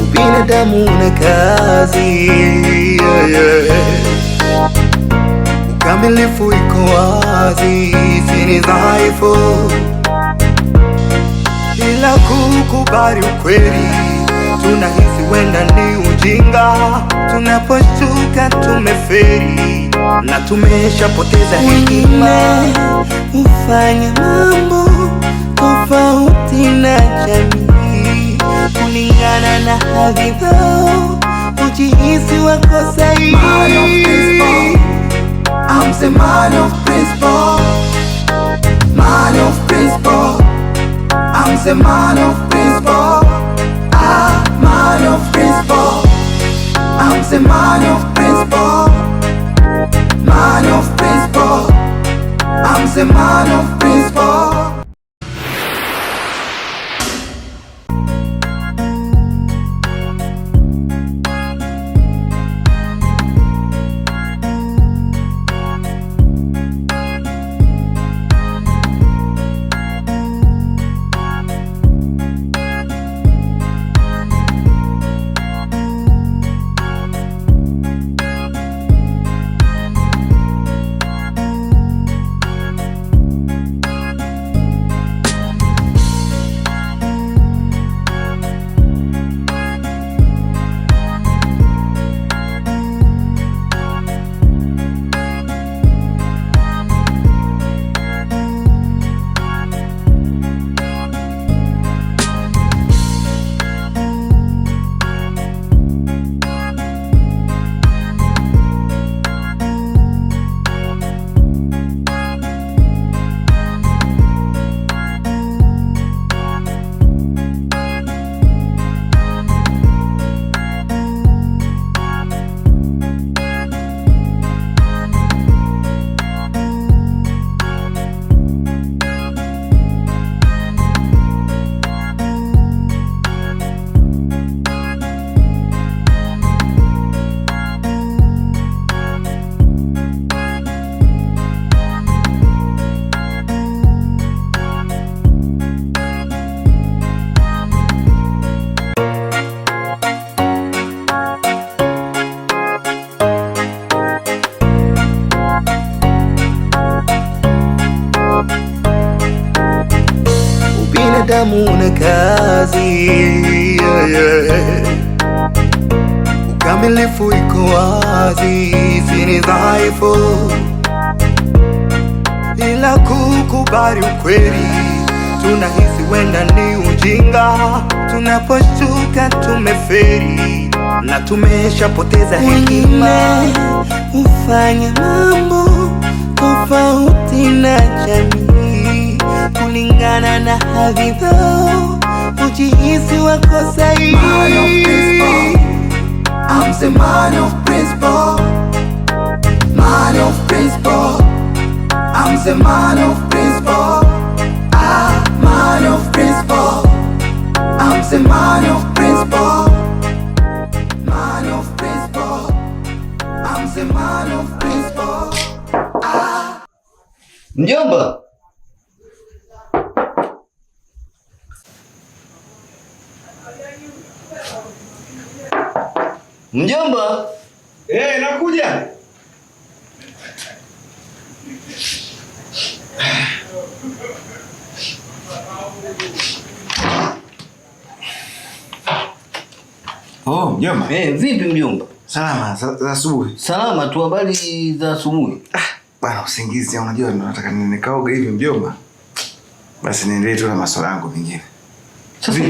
Ubinadamu una kazi yeah, yeah. Ukamilifu iko wazi, sini dhaifu ila kukubali ukweli tunahisi wenda ni ujinga tunaposhuka tumeferi na tumeshapoteza hekima. Ufanya mambo tofauti na jamii kulingana na hadhi zao, hujihisi wako sahihi. Man of principle, man of principle, I'm the man of principle. of principle. I'm the man of principle. Man of principle. I'm the man of principle. kazi yeah, yeah. Ukamilifu iko wazi, sini dhaifu, ila kukubali ukweli tunahisi wenda ni ujinga tunaposhtuka tumeferi na tumeshapoteza hekima. Ufanya mambo tofauti na jamii kulingana na hadhi zao don't you hear what I say? Man of principle, I'm the man of principle. Man of principle, I'm the man of principle. Ah, man of principle, I'm the man of principle. Man of principle, I'm the man of principle. Ah. Njomba. Mjomba, eh, nakuja. Oh, mjomba. Eh, vipi mjomba? Salama za asubuhi. Salama tu, habari za asubuhi. Ah, bwana usingizi, unajua nataka nikaoga hivi mjomba. Basi niendelee tu na masuala yangu mengine. Sasa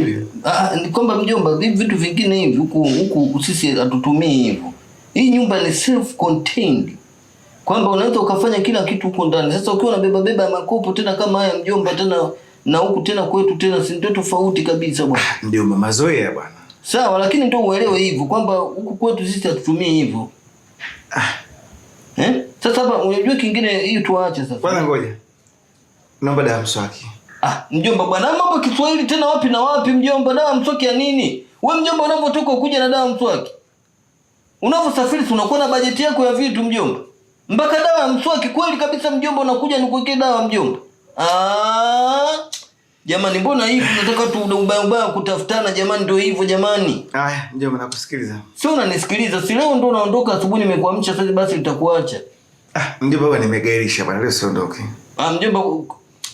ah, ah, ni kwamba mjomba, hivi vitu vingine hivi huku huku sisi hatutumii hivyo. Hii nyumba ni self contained. Kwamba unaweza ukafanya kila kitu huko ndani. Sasa ukiwa unabeba beba makopo tena kama haya mjomba tena na huku tena kwetu tena si ndio tofauti kabisa bwana. Ah, ndio mama zoea bwana. Sawa, lakini ndio uelewe hivyo kwamba huku kwetu sisi hatutumii hivyo. Ah. Eh? Sasa hapa unajua kingine hii tuache sasa. Bwana ngoja. Naomba damu swaki Ah, mjomba bwana, mambo Kiswahili tena wapi na wapi mjomba, dawa mswaki ya nini? We mjomba, unavyotoka ukuja na dawa mswaki, unavyosafiri unakuwa na bajeti yako ya vitu mjomba, mpaka dawa ya mswaki kweli kabisa mjomba, unakuja nikuwekee dawa mjomba. Ah, jamani, mbona hivi nataka tu ubaya ubaya kutafutana jamani, ndio hivyo jamani. Haya mjomba, nakusikiliza. Sio unanisikiliza? Si leo ndio unaondoka, asubuhi nimekuamsha, sasa basi nitakuacha. Ah, mjomba, baba nimegairisha bwana, leo siondoke. Ah, mjomba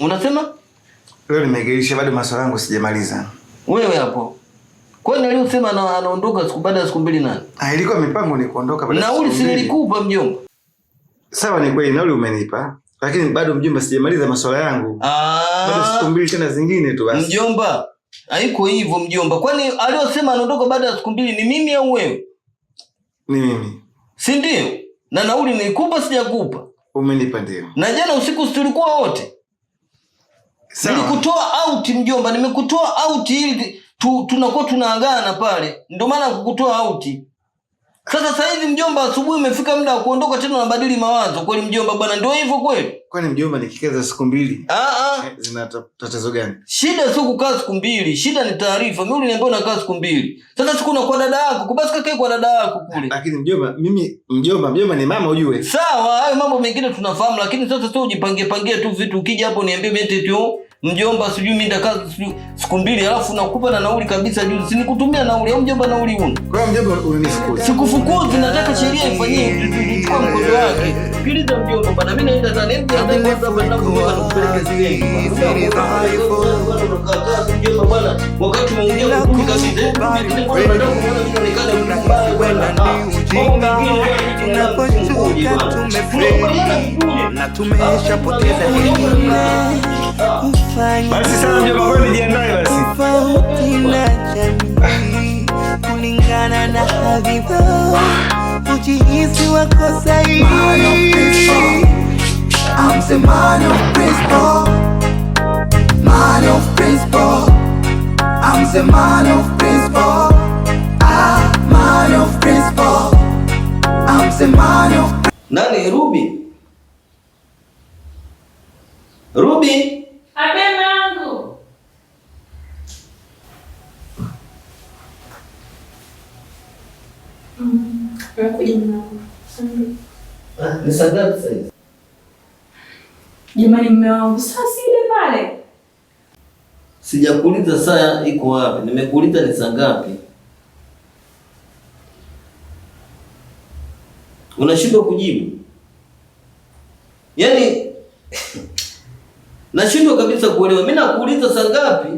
unasema Leo nimegelisha bado maswala yangu sijamaliza. Wewe hapo. Kwa nini aliyosema anaondoka siku baada ya siku mbili nani? Ah, ilikuwa mipango ni kuondoka baada. ya siku Nauli si nilikupa mjomba. Sawa ni kweli nauli umenipa. Lakini bado mjomba sijamaliza maswala yangu. Ah. Bado siku mbili tena zingine tu basi. Mjomba, haiko hivyo mjomba. Kwani aliyosema anaondoka baada ya siku mbili ni mimi au wewe? Ni mimi. Si ndio? Na nauli nilikupa sijakupa? Umenipa ndio. Na jana usiku si tulikuwa wote? Nilikutoa out mjomba, nimekutoa out ili tunakuwa tunaagana pale, ndio maana kukutoa out. Sasa sasa hivi mjomba, asubuhi umefika muda wa kuondoka tena unabadili mawazo. Kweli mjomba bwana, ndio hivyo kweli. Kwani mjomba nikikaza siku mbili? Ah ah. Eh, zina tatizo gani? Shida sio kukaa siku mbili, shida ni taarifa. Mimi uliniambia unakaa siku mbili. Sasa siku kwa dada yako, basi kakae kwa dada yako kule. Lakini mjomba, mimi mjomba, mjomba ni mama ujue. Sawa, hayo mambo mengine tunafahamu, lakini sasa sio ujipangie pangie tu vitu ukija hapo niambie mimi eti tu mjomba, sijui mimi ndaka siku mbili, alafu nakupa na nauli kabisa juu, si nikutumia nauli au mjomba, nauli huni? Kwa hiyo mjomba unanifukuza? Sikufukuzi, nataka sheria ifanyike, kwa mkondo wake. Sikiliza mjomba bana, mimi naenda sana, hebu hata kwa kwanza na kupeleka zile mjomba bana, wakati mwingine ukuni kabisa, mimi ndio mbaya kwenda tunapochuka tumefeli na tumeshapoteza hekima basi Tofauti na jamii, kulingana na hadhira, ujihisi wako sahihi. Ah, Nani Ruby? Ruby Jamani mme wangu, saa sile pale. Sijakuuliza saa iko wapi, nimekuuliza ni saa ngapi. Unashindwa kujibu, yaani nashindwa kabisa kuelewa. Mimi nakuuliza saa ngapi,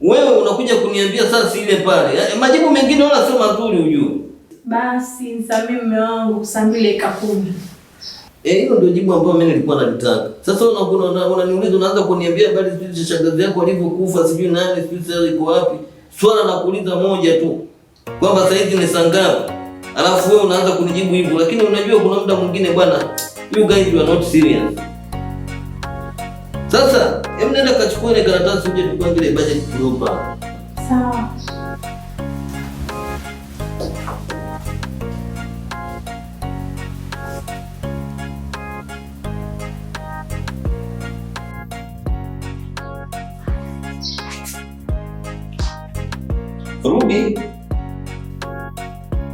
wewe unakuja kuniambia saa sile pale. Yaani, majibu mengine wala sio mazuri, hujue basi nisamee mume wangu, sambile eka kumi. Eh, hiyo ndio jibu ambalo mimi nilikuwa nalitaka. Sasa unaniuliza una, una unaanza kuniambia habari sijui za shangazi yako alivyokufa, sijui nani, sijui sasa iko wapi. Swala la kuuliza moja tu. Kwamba sasa hizi ni saa ngapi? Alafu wewe unaanza kunijibu hivyo, lakini unajua kuna muda mwingine bwana, you guys you are not serious. Sasa, hebu nenda kachukua ile karatasi uje tupange ile budget kidogo. Sawa.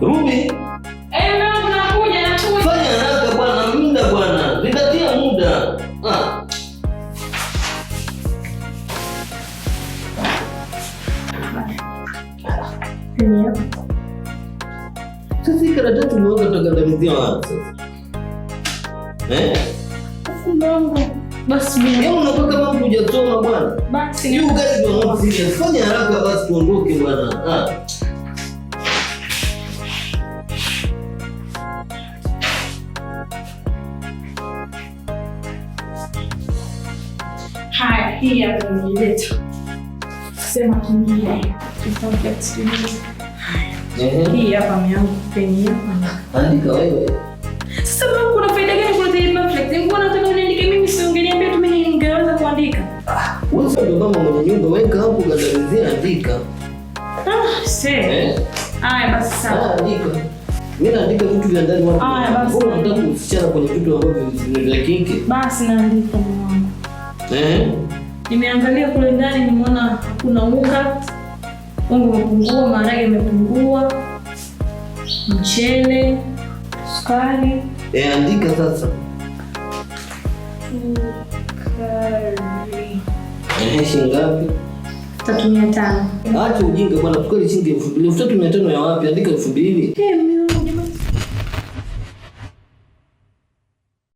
Rudi. Eh, na tunakuja na tuja. Fanya haraka bwana, muda bwana. Zingatia muda. Ah. Ndio. Sisi karatasi tumeanza tutagandamizia wapi sasa? Eh? Mungu. Basi mimi yaani unapaka mambo hujasoma bwana. Basi. Yule gari ndio mwanzo. Fanya haraka basi tuondoke bwana. Ah. Haya, hii yetu sema kingine hii hapa miangu penye andika wewe. Sasa kuna faida gani? Kuna taifa flex mbona nataka uniandike mimi, si ungeniambia tu mimi ningeweza kuandika. Ah, wewe ndio mama mwenye nyumba, weka hapo kadalizia, andika. Ah, sasa. Haya basi sawa. Eh? Andika. Mimi naandika vitu vya ndani wapi? Ah, basi. Wewe unataka kusichana kwenye vitu ambavyo vya kike. Basi naandika mwanangu. Eh? Nimeangalia kule ndani nimeona kuna unga. Unga umepungua, maharage yamepungua. Mchele, sukari. Eh, andika sasa. Sukari. Eh, shilingi ngapi? Tatu mia tano. Acha ujinga bwana, kweli shilingi elfu mbili. Elfu tatu mia tano ya wapi? Andika elfu mbili. Eh,